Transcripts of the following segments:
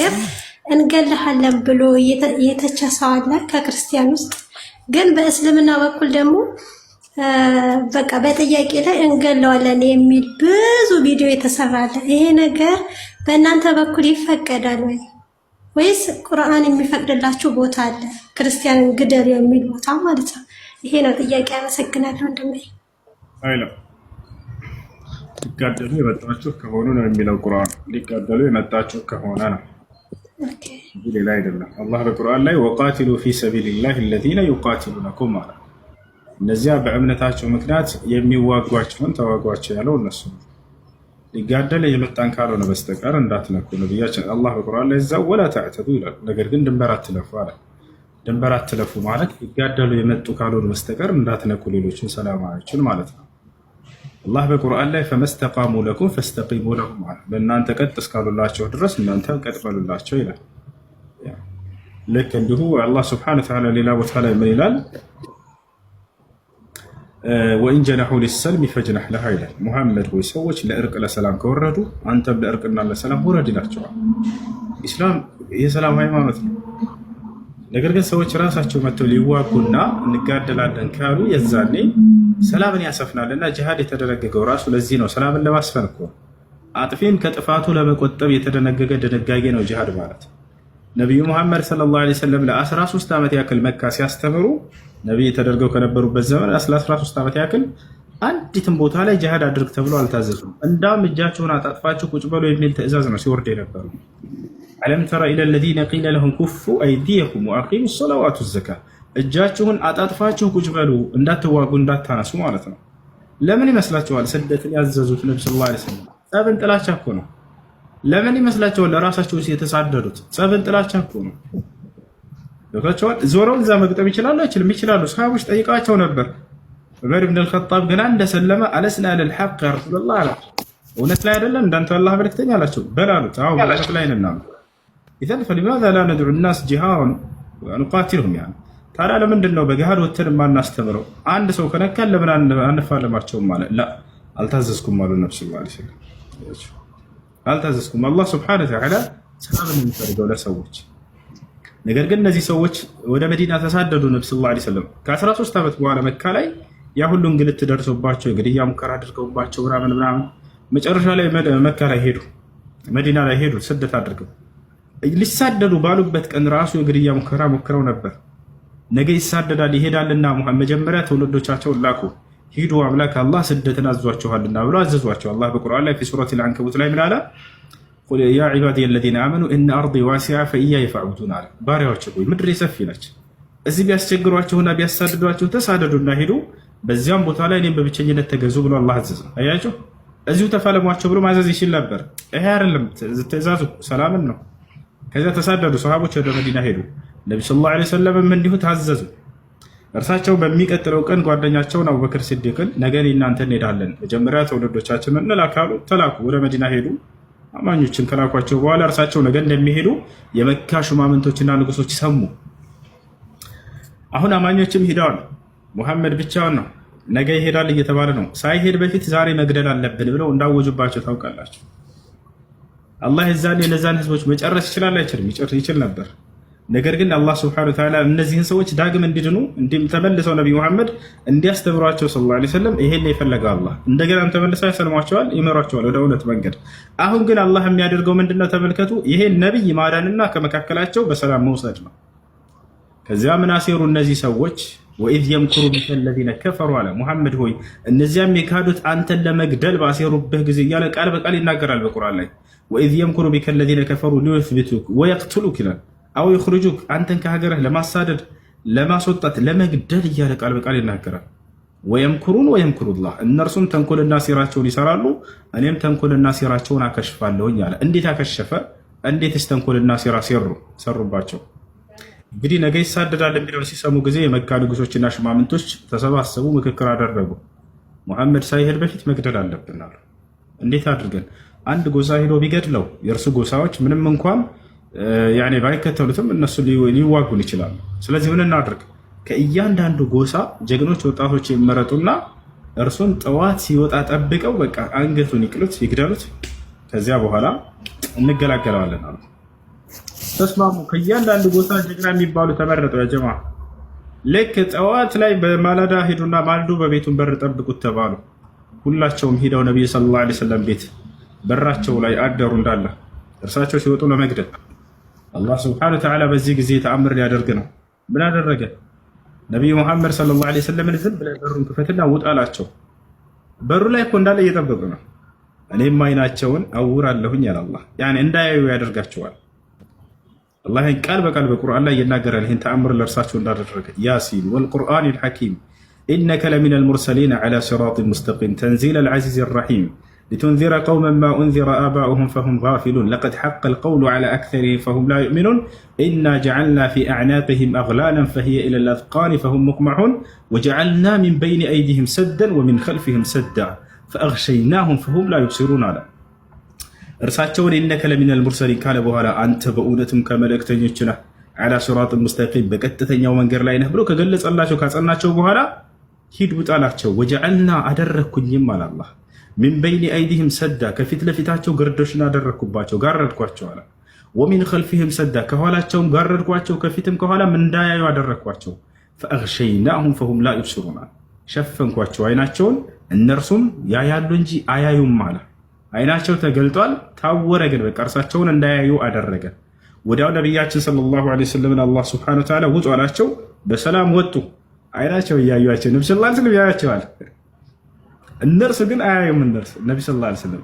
ነገር እንገልሃለን ብሎ የተቸ ሰው አለ ከክርስቲያን ውስጥ። ግን በእስልምና በኩል ደግሞ በቃ በጥያቄ ላይ እንገለዋለን የሚል ብዙ ቪዲዮ የተሰራለ። ይሄ ነገር በእናንተ በኩል ይፈቀዳል ወይ ወይስ ቁርአን የሚፈቅድላችሁ ቦታ አለ? ክርስቲያንን ግደል የሚል ቦታ ማለት ነው። ይሄ ነው ጥያቄ። አመሰግናለሁ ወንድሜ። አይለም ሊጋደሉ የመጣችሁ ከሆኑ ነው የሚለው ቁርአን። ሊጋደሉ የመጣችሁ ከሆነ ነው ሌላ አይደለም። አላህ በቁርአን ላይ ወቃትሉ ፊ ሰቢልላህ አለዚነ ዩቃትሉነኩም አለ። እነዚያ በእምነታቸው ምክንያት የሚዋጓቸውን ተዋጓቸው ያለው እነሱ ሊጋደል የመጣን ካልሆነ በስተቀር እንዳትለኩ ነቢያችን አላህ በቁርአን ላይ እዛ ወላ ተዕተዱ ይላል። ነገር ግን ድንበር አትለፉ አለ። ድንበር አትለፉ ማለት ሊጋደሉ የመጡ ካልሆኑ በስተቀር እንዳትነኩ ሌሎችን ሰላማዊዎችን ማለት ነው። አላህ በቁርአን ላይ ፈመስተቃሙ ለኩም ፈስተቂሙ ለሁም አለ። ለእናንተ ቀጥ እስካሉላቸው ድረስ እናንተ ቀጥ በሉላቸው ይላል። ልክ እንዲሁ አላህ ስብሐነሁ ወተዓላ ሌላ ቦታ ላይ ምን ይላል? ወኢን ጀነሑ ሊሰልሚ ፈጅነሕ ለሃ ይላል። ሙሐመድ ሆይ ሰዎች ለእርቅ ለሰላም ከወረዱ አንተም ለእርቅና ለሰላም ውረድ ይላቸዋል። ኢስላም የሰላም ሃይማኖት ነው። ነገር ግን ሰዎች ራሳቸው መጥተው ሊዋጉና እንጋደላለን ካሉ የዛኔ ሰላምን ያሰፍናል እና ጅሃድ የተደነገገው ራሱ ለዚህ ነው። ሰላምን ለማስፈን እኮ አጥፊን ከጥፋቱ ለመቆጠብ የተደነገገ ድንጋጌ ነው ጅሃድ ማለት። ነቢዩ መሐመድ ሰለላሁ ዓለይሂ ወሰለም ለ13 ዓመት ያክል መካ ሲያስተምሩ ነቢይ ተደርገው ከነበሩበት ዘመን ለ13 ዓመት ያክል አንዲትም ቦታ ላይ ጅሃድ አድርግ ተብሎ አልታዘዙም። እንዳውም እጃችሁን አጣጥፋችሁ ቁጭ በሉ የሚል ትዕዛዝ ነው ሲወርድ የነበሩ አለም ተረ ኢለ ለዚነ ቂለ ለሁም ኩፉ አይዲየኩም ወአቂሙ ሰላዋቱ ዘካ እጃችሁን አጣጥፋችሁ ቁጭ በሉ እንዳትዋጉ እንዳታነሱ ማለት ነው። ለምን ይመስላችኋል ስደትን ያዘዙት ነብዩ ሰለላሁ ዐለይሂ ወሰለም? ጸብን ጥላቻ እኮ ነው። ለምን ይመስላችኋል ለራሳቸው የተሳደዱት? ጸብን ጥላቻ እኮ ነው። ገብታችኋል። ዞረው እዛ መግጠም ይችላሉ አይችልም? ይችላሉ። ሰሃቦች ጠይቃቸው ነበር። ዑመር ብን አልኸጣብ ገና እንደሰለመ አለስና ለልሐቅ ያ ረሱላላህ አላቸው። እውነት ላይ አይደለም እንዳንተ አላህ መልክተኛ አላቸው። በላሉት አዎ እውነት ላይ ነን ኢዘን ፈሊማዛ ላ ነድዑ ናስ ጂሃረን ንቃትልሁም ያ ታዲያ ለምንድን ነው በገሃድ ወተን የማናስተምረው? አንድ ሰው ከነካን ለምን አንፋለማቸውም? ማለት ላ አልታዘዝኩም አሉ ነብ ስ አልታዘዝኩም። አላህ ስብሓነ ወተዓላ ሰላምን የሚፈልገው ለሰዎች ነገር ግን እነዚህ ሰዎች ወደ መዲና ተሳደዱ። ነብ ስ ስለም ከ13 ዓመት በኋላ መካ ላይ ያ ሁሉ እንግልት ደርሶባቸው የግድያ ሙከራ አድርገውባቸው ምናምን ምናምን መጨረሻ ላይ መካ ላይ ሄዱ፣ መዲና ላይ ሄዱ ስደት አድርገው ሊሳደዱ ባሉበት ቀን ራሱ የግድያ ሙከራ ሞክረው ነበር። ነገ ይሳደዳል ይሄዳልና መጀመሪያ ትውልዶቻቸውን ላኩ ሂዱ አምላክ አላህ ስደትን አዟችኋልና ብሎ አዘዟቸው። አላህ በቁርአን ላይ ሱረት ልአንከቡት ላይ ምን አለ? ቁል ያ ዒባዲየ ለዚነ አመኑ እነ አርዲ ዋሲያ ፈእያ ፈዕቡዱን አለ። ባሪያዎች ሆይ ምድሬ ሰፊ ነች፣ እዚህ ቢያስቸግሯችሁና ቢያሳድዷችሁ ተሳደዱና ሂዱ፣ በዚያም ቦታ ላይ እኔም በብቸኝነት ተገዙ ብሎ አላህ አዘዘ። አያቸው፣ እዚሁ ተፋለሟቸው ብሎ ማዘዝ ይችል ነበር። ይሄ አይደለም ትእዛዙ፣ ሰላምን ነው ከዚያ ተሳደዱ። ሰሃቦች ወደ መዲና ሄዱ። ነቢ ስ ላ ሰለም እንዲሁ ታዘዙ። እርሳቸው በሚቀጥለው ቀን ጓደኛቸውን አቡበክር ስዲቅን ነገ እናንተ እንሄዳለን፣ መጀመሪያ ትውልዶቻችንን እንላካሉ። ተላኩ። ወደ መዲና ሄዱ። አማኞችን ከላኳቸው በኋላ እርሳቸው ነገ እንደሚሄዱ የመካ ሹማምንቶችና ንጉሶች ሰሙ። አሁን አማኞችም ሂደዋል። ሙሐመድ ብቻውን ነው፣ ነገ ይሄዳል እየተባለ ነው። ሳይሄድ በፊት ዛሬ መግደል አለብን ብለው እንዳወጁባቸው ታውቃላችሁ። አላህ የዛን የነዛን ህዝቦች መጨረስ ይችላል አይችልም? ይችል ነበር። ነገር ግን አላህ ስብሐነሁ ወተዓላ እነዚህን ሰዎች ዳግም እንዲድኑ እንዲም ተመልሰው ነቢ መሐመድ እንዲያስተምሯቸው ሰለላሁ ዐለይሂ ወሰለም ይሄን የፈለገ አላህ እንደገናም ተመልሰው ያሰልሟቸዋል፣ ይመሯቸዋል ወደ እውነት መንገድ። አሁን ግን አላህ የሚያደርገው ምንድነው? ተመልከቱ። ይሄን ነቢይ ማዳንና ከመካከላቸው በሰላም መውሰድ ነው። ከዚያ ምን አሴሩ እነዚህ ሰዎች ወኢዝ የምክሩ ቢከ ለዚነ ከፈሩ አለ ሙሐመድ ሆይ እነዚያም የካዱት አንተን ለመግደል ባሴሩብህ ጊዜ እያለ ቃል በቃል ይናገራል በቁርአን ላይ። ወኢዝ የምክሩ ቢከ ለዚነ ከፈሩ ሊዩስቢቱክ ወየቅትሉክ ይላል። አው ይኽርጁክ አንተን ከሀገርህ ለማሳደድ ለማስወጣት፣ ለመግደል እያለ ቃል በቃል ይናገራል። ወየምክሩን ወየምክሩላህ እነርሱም ተንኮልና ሴራቸውን ይሰራሉ፣ እኔም ተንኮልና ሴራቸውን አከሽፋለሁኝ አለ። እንዴት አከሸፈ? እንዴትስ ተንኮልና ሴራ ሰሩባቸው? እንግዲህ ነገ ይሳደዳል የሚለውን ሲሰሙ ጊዜ የመካ ንጉሶችና ሽማምንቶች ተሰባሰቡ፣ ምክክር አደረጉ። ሙሐመድ ሳይሄድ በፊት መግደል አለብን አሉ። እንዴት አድርገን? አንድ ጎሳ ሄዶ ቢገድለው የእርሱ ጎሳዎች ምንም እንኳን ባይከተሉትም እነሱ ሊዋጉን ይችላሉ። ስለዚህ ምን እናድርግ? ከእያንዳንዱ ጎሳ ጀግኖች ወጣቶች ይመረጡና እርሱን ጠዋት ሲወጣ ጠብቀው በቃ አንገቱን ይቅሉት፣ ይግደሉት። ከዚያ በኋላ እንገላገለዋለን አሉ። ተስማሙ። ከእያንዳንዱ ቦታ ጀግና የሚባሉ ተመረጡ። ያጀማ ልክ ጠዋት ላይ በማለዳ ሄዱና ማልዱ በቤቱን በር ጠብቁት ተባሉ። ሁላቸውም ሄደው ነቢዩ ሰለላሁ ዓለይሂ ወሰለም ቤት በራቸው ላይ አደሩ። እንዳለ እርሳቸው ሲወጡ ለመግደል አላህ ስብሐነ ወተዓላ በዚህ ጊዜ ተአምር ሊያደርግ ነው። ምን አደረገ? ነቢዩ ሙሐመድ ሰለላሁ ዓለይሂ ወሰለምን ዝም ብለህ በሩን ክፈትና ውጣ አላቸው። በሩ ላይ እኮ እንዳለ እየጠበቁ ነው። እኔም አይናቸውን አውራለሁኝ ያለ አላህ እንዳያዩ ያደርጋቸዋል። አላህ ቃል በቃል በቁርአን ላይ ይናገራል። ይህን ተአምር ለእርሳቸው እንዳደረገ ያሲን ወልቁርአን ልሐኪም ኢነከ ለሚን ልሙርሰሊን ዐላ ሲራጥ ሙስተቂም ተንዚል ልዓዚዝ ራሒም ሊቱንዚረ ቀውመ ማ ኡንዚረ አባኡሁም ፈሁም ጋፊሉን ለቀድ ሐቀ ልቀውሉ ዐላ አክተሪህም ፈሁም ላ ዩእሚኑን ኢና ጀዐልና ፊ አዕናቅህም አግላላን ፈሂየ ኢላ ልአዝቃኒ ፈሁም ሙቅመዑን ወጀዐልና ሚን በይን አይዲህም ሰደን ወሚን ኸልፊህም ሰዳ ፈአግሸይናሁም ፈሁም ላ ዩብሲሩን አላ እርሳቸውን ኢነከ ለሚነል ሙርሰሊን ካለ በኋላ አንተ በእውነትም ከመልእክተኞች ነህ አላ ሲራጥ ሙስተቂም በቀጥተኛው መንገድ ላይ ነህ ብሎ ከገለጸላቸው ካጸናቸው በኋላ ሂድ ውጣላቸው። ወጀዐልና አደረግኩኝም አላላ አላህ ሚን በይኒ አይዲህም ሰዳ ከፊት ለፊታቸው ግርዶሽን አደረግኩባቸው ጋረድኳቸው አለ። ወሚን ከልፊህም ሰዳ ከኋላቸውም ጋረድኳቸው ከፊትም ከኋላም እንዳያዩ አደረግኳቸው። ፈአግሸይናሁም ፈሁም ላ ይብስሩና ሸፈንኳቸው አይናቸውን እነርሱም ያያሉ እንጂ አያዩም አላ አይናቸው ተገልጧል፣ ታወረ። ግን በቃ እርሳቸውን እንዳያዩ አደረገ። ወዲያው ነቢያችን ሰለላሁ ዐለይሂ ወሰለም አላህ ሱብሓነሁ ወተዓላ ውጡ አላቸው። በሰላም ወጡ። አይናቸው እያዩቸው ነቢ ስላ ስለም ያያቸዋል። እነርሱ ግን አያዩም። እነርሱ ነቢ ስላ ስለም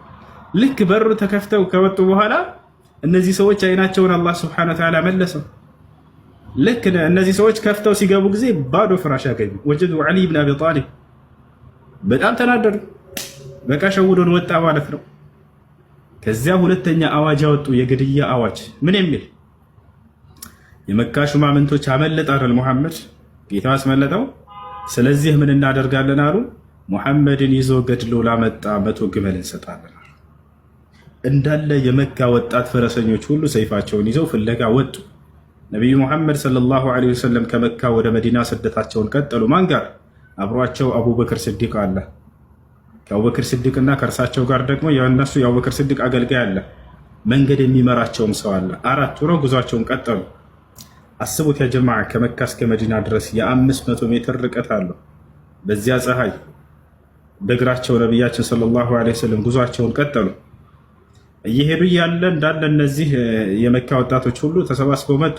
ልክ በሩ ተከፍተው ከወጡ በኋላ እነዚህ ሰዎች አይናቸውን አላህ ሱብሓነሁ ወተዓላ መለሰው። ልክ እነዚህ ሰዎች ከፍተው ሲገቡ ጊዜ ባዶ ፍራሽ ያገኙ ወጀዱ ዓሊ ብን አቢ ጣሊብ በጣም ተናደዱ። በቃ ሸውዶን ወጣ ማለት ነው። ከዚያ ሁለተኛ አዋጅ ያወጡ፣ የግድያ አዋጅ ምን የሚል የመካ ሹማምንቶች አመለጣረል ሙሐመድ ጌታ አስመለጠው። ስለዚህ ምን እናደርጋለን አሉ። ሙሐመድን ይዞ ገድሎ ላመጣ መቶ ግመል እንሰጣለን። እንዳለ የመካ ወጣት ፈረሰኞች ሁሉ ሰይፋቸውን ይዘው ፍለጋ ወጡ። ነቢዩ ሙሐመድ ሰለላሁ ዐለይሂ ወሰለም ከመካ ወደ መዲና ስደታቸውን ቀጠሉ። ማን ጋር አብሯቸው? አቡበክር ስዲቅ አለ የአቡበክር እና ከእርሳቸው ጋር ደግሞ የእነሱ የአቡበክር ስድቅ አገልጋይ አለ፣ መንገድ የሚመራቸውም ሰው አለ። አራት ሆነው ጉዟቸውን ቀጠሉ። አስቡት ያጀማ ከመካ እስከ መዲና ድረስ የአምስት መቶ ሜትር ርቀት አለው። በዚያ ፀሐይ በእግራቸው ነቢያችን ሰለላሁ ዐለይሂ ወሰለም ጉዟቸውን ቀጠሉ። እየሄዱ እያለ እንዳለ እነዚህ የመካ ወጣቶች ሁሉ ተሰባስበው መጡ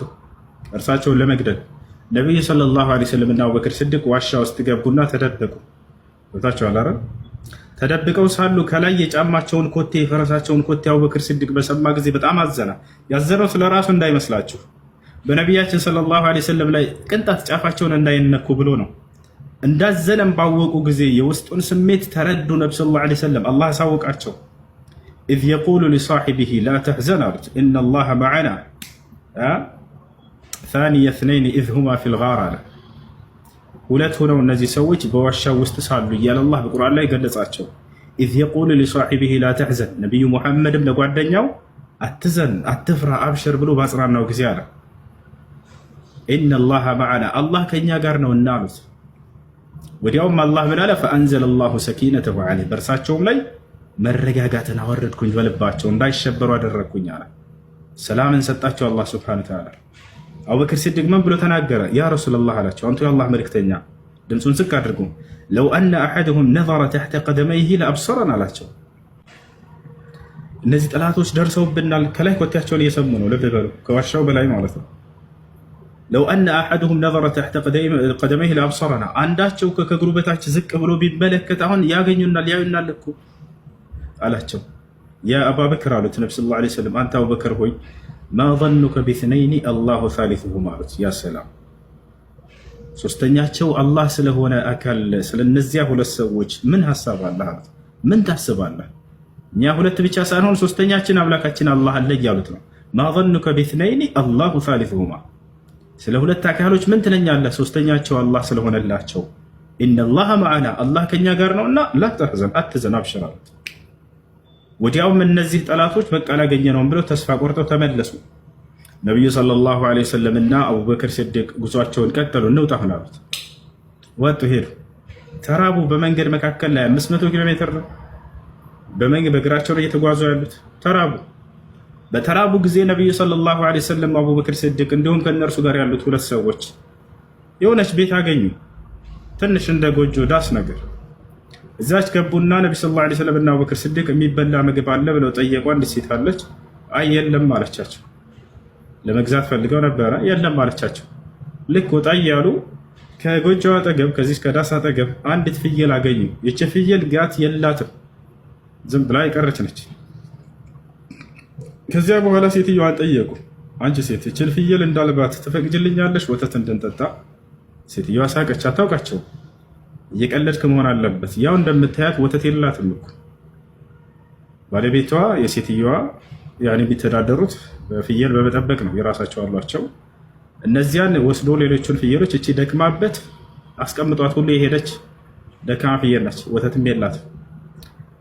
እርሳቸውን ለመግደል። ነቢዩ ሰለላሁ ዐለይሂ ወሰለም እና አቡበክር ስድቅ ዋሻ ውስጥ ገቡና ተደበቁ። ታቸው አላረ ተደብቀው ሳሉ ከላይ የጫማቸውን ኮቴ የፈረሳቸውን ኮቴ አቡበክር ስድቅ በሰማ ጊዜ በጣም አዘነ። ያዘነው ስለ ራሱ እንዳይመስላችሁ በነቢያችን ሰለላሁ ዐለይሂ ወሰለም ላይ ቅንጣት ጫፋቸውን እንዳይነኩ ብሎ ነው። እንዳዘነም ባወቁ ጊዜ የውስጡን ስሜት ተረዱ። ነቢ ሰለላሁ ዐለይሂ ወሰለም አላህ አሳወቃቸው። ኢዝ የቁሉ ሊሳሒቢሂ ላ ተሕዘን አሉት። ኢነላሃ መዐና ሳኒየ ስነይን ኢዝ ሁማ ፊል ጋር አለ ሁለት ሆነው እነዚህ ሰዎች በዋሻ ውስጥ ሳሉ እያለ አላህ በቁርአን ላይ ገለጻቸው። ኢዝ የቁሉ ሊሳሒቢሂ ላ ተሕዘን፣ ነቢዩ ሙሐመድም ለጓደኛው አትዘን፣ አትፍራ፣ አብሽር ብሎ በአጽናናው ጊዜ አለ ኢነላሃ መዓና፣ አላህ ከእኛ ጋር ነው እና አሉት። ወዲያውም አላህ ምን አለ? ፈአንዘለ ላሁ ሰኪነተሁ ዐለይህ፣ በእርሳቸውም ላይ መረጋጋትን አወረድኩኝ፣ በልባቸው እንዳይሸበሩ አደረግኩኝ አለ። ሰላምን ሰጣቸው አላህ ስብሓነሁ ወተዓላ አቡበክር ሲዲቅ ምን ብሎ ተናገረ? ያ ረሱላላህ አላቸው፣ አንቱ የአላህ መልክተኛ ድምፁን ዝቅ አድርጉ። ለው አነ አሐደሁም ነዘረ ተሕተ ቀደመይህ ለአብሰረን አላቸው። እነዚህ ጠላቶች ደርሰውብናል። ከላይ ኮቴያቸውን እየሰሙ ነው። ልብ በሉ፣ ከዋሻው በላይ ማለት ነው። ለው አነ አሐደሁም ነዘረ ተሕተ ቀደመይህ ለአብሰረና፣ አንዳቸው ከእግሩ በታች ዝቅ ብሎ ቢመለከት አሁን ያገኙናል፣ ያዩናል እኮ አላቸው። ያ አባበክር አሉት ነቢ ስ ላ ሰለም አንተ አቡበክር ሆይ ማ ظኑከ ቢስነይኒ አላሁ ሳሊሱሁማ አሉት። ያ ሰላም ሶስተኛቸው አላህ ስለሆነ አካል ስለነዚያ ሁለት ሰዎች ምን ሀሳብ አለህ አሉት። ምን ታስባለህ? እኛ ሁለት ብቻ ሳንሆን ሶስተኛችን አምላካችን አላህ አለ እያሉት ነው። ማ ظኑከ ቢስነይኒ አላሁ ሳሊሱሁማ ስለ ሁለት አካሎች ምን ትለኛለህ? ሶስተኛቸው አላህ ስለሆነላቸው ኢነላሃ መዓና አላህ ከኛ ጋር ነውና ላ ተሕዘን አትዘን አብሽር አሉት። ወዲያውም እነዚህ ጠላቶች በቃ አላገኘነውም ብለው ተስፋ ቆርጠው ተመለሱ። ነቢዩ ሰለላሁ ዐለይሂ ወሰለም እና አቡበክር ስድቅ ጉዟቸውን ቀጠሉ። እንውጣ አሁን አሉት። ወጡ፣ ሄዱ፣ ተራቡ። በመንገድ መካከል ላይ አምስት መቶ ኪሎ ሜትር ነው። በመንገድ በእግራቸው ላይ እየተጓዙ ያሉት ተራቡ። በተራቡ ጊዜ ነቢዩ ሰለላሁ ዐለይሂ ወሰለም፣ አቡበክር ስድቅ እንዲሁም ከእነርሱ ጋር ያሉት ሁለት ሰዎች የሆነች ቤት አገኙ። ትንሽ እንደ ጎጆ ዳስ ነገር እዛች ገቡና ነቢ ስለ ላ ስለም እና አቡበክር ስዲቅ የሚበላ ምግብ አለ ብለው ጠየቁ። አንድ ሴት አለች። አይ የለም አለቻቸው። ለመግዛት ፈልገው ነበረ፣ የለም አለቻቸው። ልክ ወጣ እያሉ ከጎጆዋ አጠገብ ከዚህ ከዳስ አጠገብ አንዲት ፍየል አገኙ። ይች ፍየል ጋት የላትም፣ ዝም ብላ የቀረች ነች። ከዚያ በኋላ ሴትዮዋን ጠየቁ። አንቺ ሴት ይችን ፍየል እንዳልባት ትፈቅጅልኛለች ወተት እንድንጠጣ። ሴትዮዋ ሳቀች፣ አታውቃቸውም እየቀለድክ መሆን አለበት። ያው እንደምታያት ወተት የላትም እኮ ባለቤቷ የሴትየዋ ያን የሚተዳደሩት ፍየል በመጠበቅ ነው። የራሳቸው አሏቸው። እነዚያን ወስዶ ሌሎችን ፍየሎች እቺ ደክማበት አስቀምጧት ሁሉ የሄደች ደካማ ፍየል ነች። ወተትም የላትም።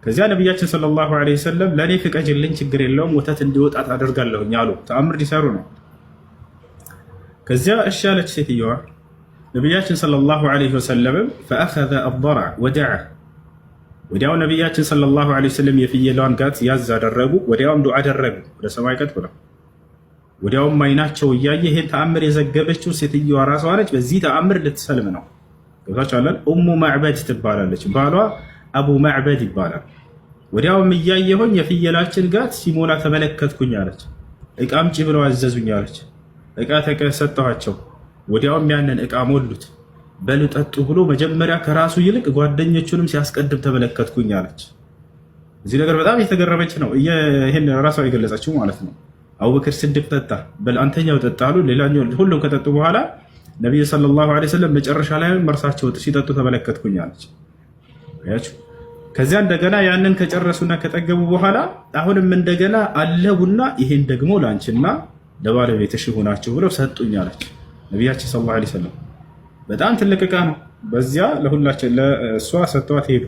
ከዚያ ነቢያችን ሰለላሁ ዐለይሂ ወሰለም ለእኔ ፍቀጅልኝ፣ ችግር የለውም ወተት እንዲወጣት አደርጋለሁኝ አሉ። ተአምር ሊሰሩ ነው። ከዚያ እሺ አለች ሴትየዋ ነቢያችን ሰለላሁ ዐለይሂ ወሰለም ፈአኸዘ አዳራ ወደዐ ወዲያው ነቢያችን ሰለላሁ ዐለይሂ ወሰለም የፍየሏን ጋት ያዝ አደረጉ። ወዲያውም ዱዓ አደረጉ ወደ ሰማይ ቀጥ ብለው። ወዲያውም አይናቸው እያየ ይሄን ተአምር የዘገበችው ሴትዮዋ ራሷ ነች። በዚህ ተአምር ልትሰልም ነው። ገብታችኋል። ኡሙ ማዕበድ ትባላለች። ባሏ አቡ ማዕበድ ይባላል። ወዲያውም እያየሆኝ የፍየላችን ጋት ሲሞላ ተመለከትኩኝ አለች። እቃ አምጪ ብለው አዘዙኝ አለች። እቃ ተሰጠኋቸው። ወዲያውም ያንን እቃ ሞሉት። በሉ ጠጡ ብሎ መጀመሪያ ከራሱ ይልቅ ጓደኞቹንም ሲያስቀድም ተመለከትኩኝ አለች። እዚህ ነገር በጣም እየተገረመች ነው። ይህን ራሷ የገለጸችው ማለት ነው። አቡበክር ስድቅ ጠጣ፣ በል አንተኛው ጠጣ አሉ። ሌላኛው ሁሉም ከጠጡ በኋላ ነቢዩ ሰለላሁ ዐለይሂ ወሰለም መጨረሻ ላይ መርሳቸው ሲጠጡ ተመለከትኩኝ አለች። ከዚያ እንደገና ያንን ከጨረሱና ከጠገቡ በኋላ አሁንም እንደገና አለቡና ይሄን ደግሞ ላንችና ለባለቤትሽ ሆናችሁ ብለው ሰጡኝ አለች። ነቢያችን ሰለላሁ ዐለይሂ ወሰለም በጣም ትልቅ እቃ ነው። በዚያ ለሁላችን ለእሷ ሰጥተዋት ሄዱ።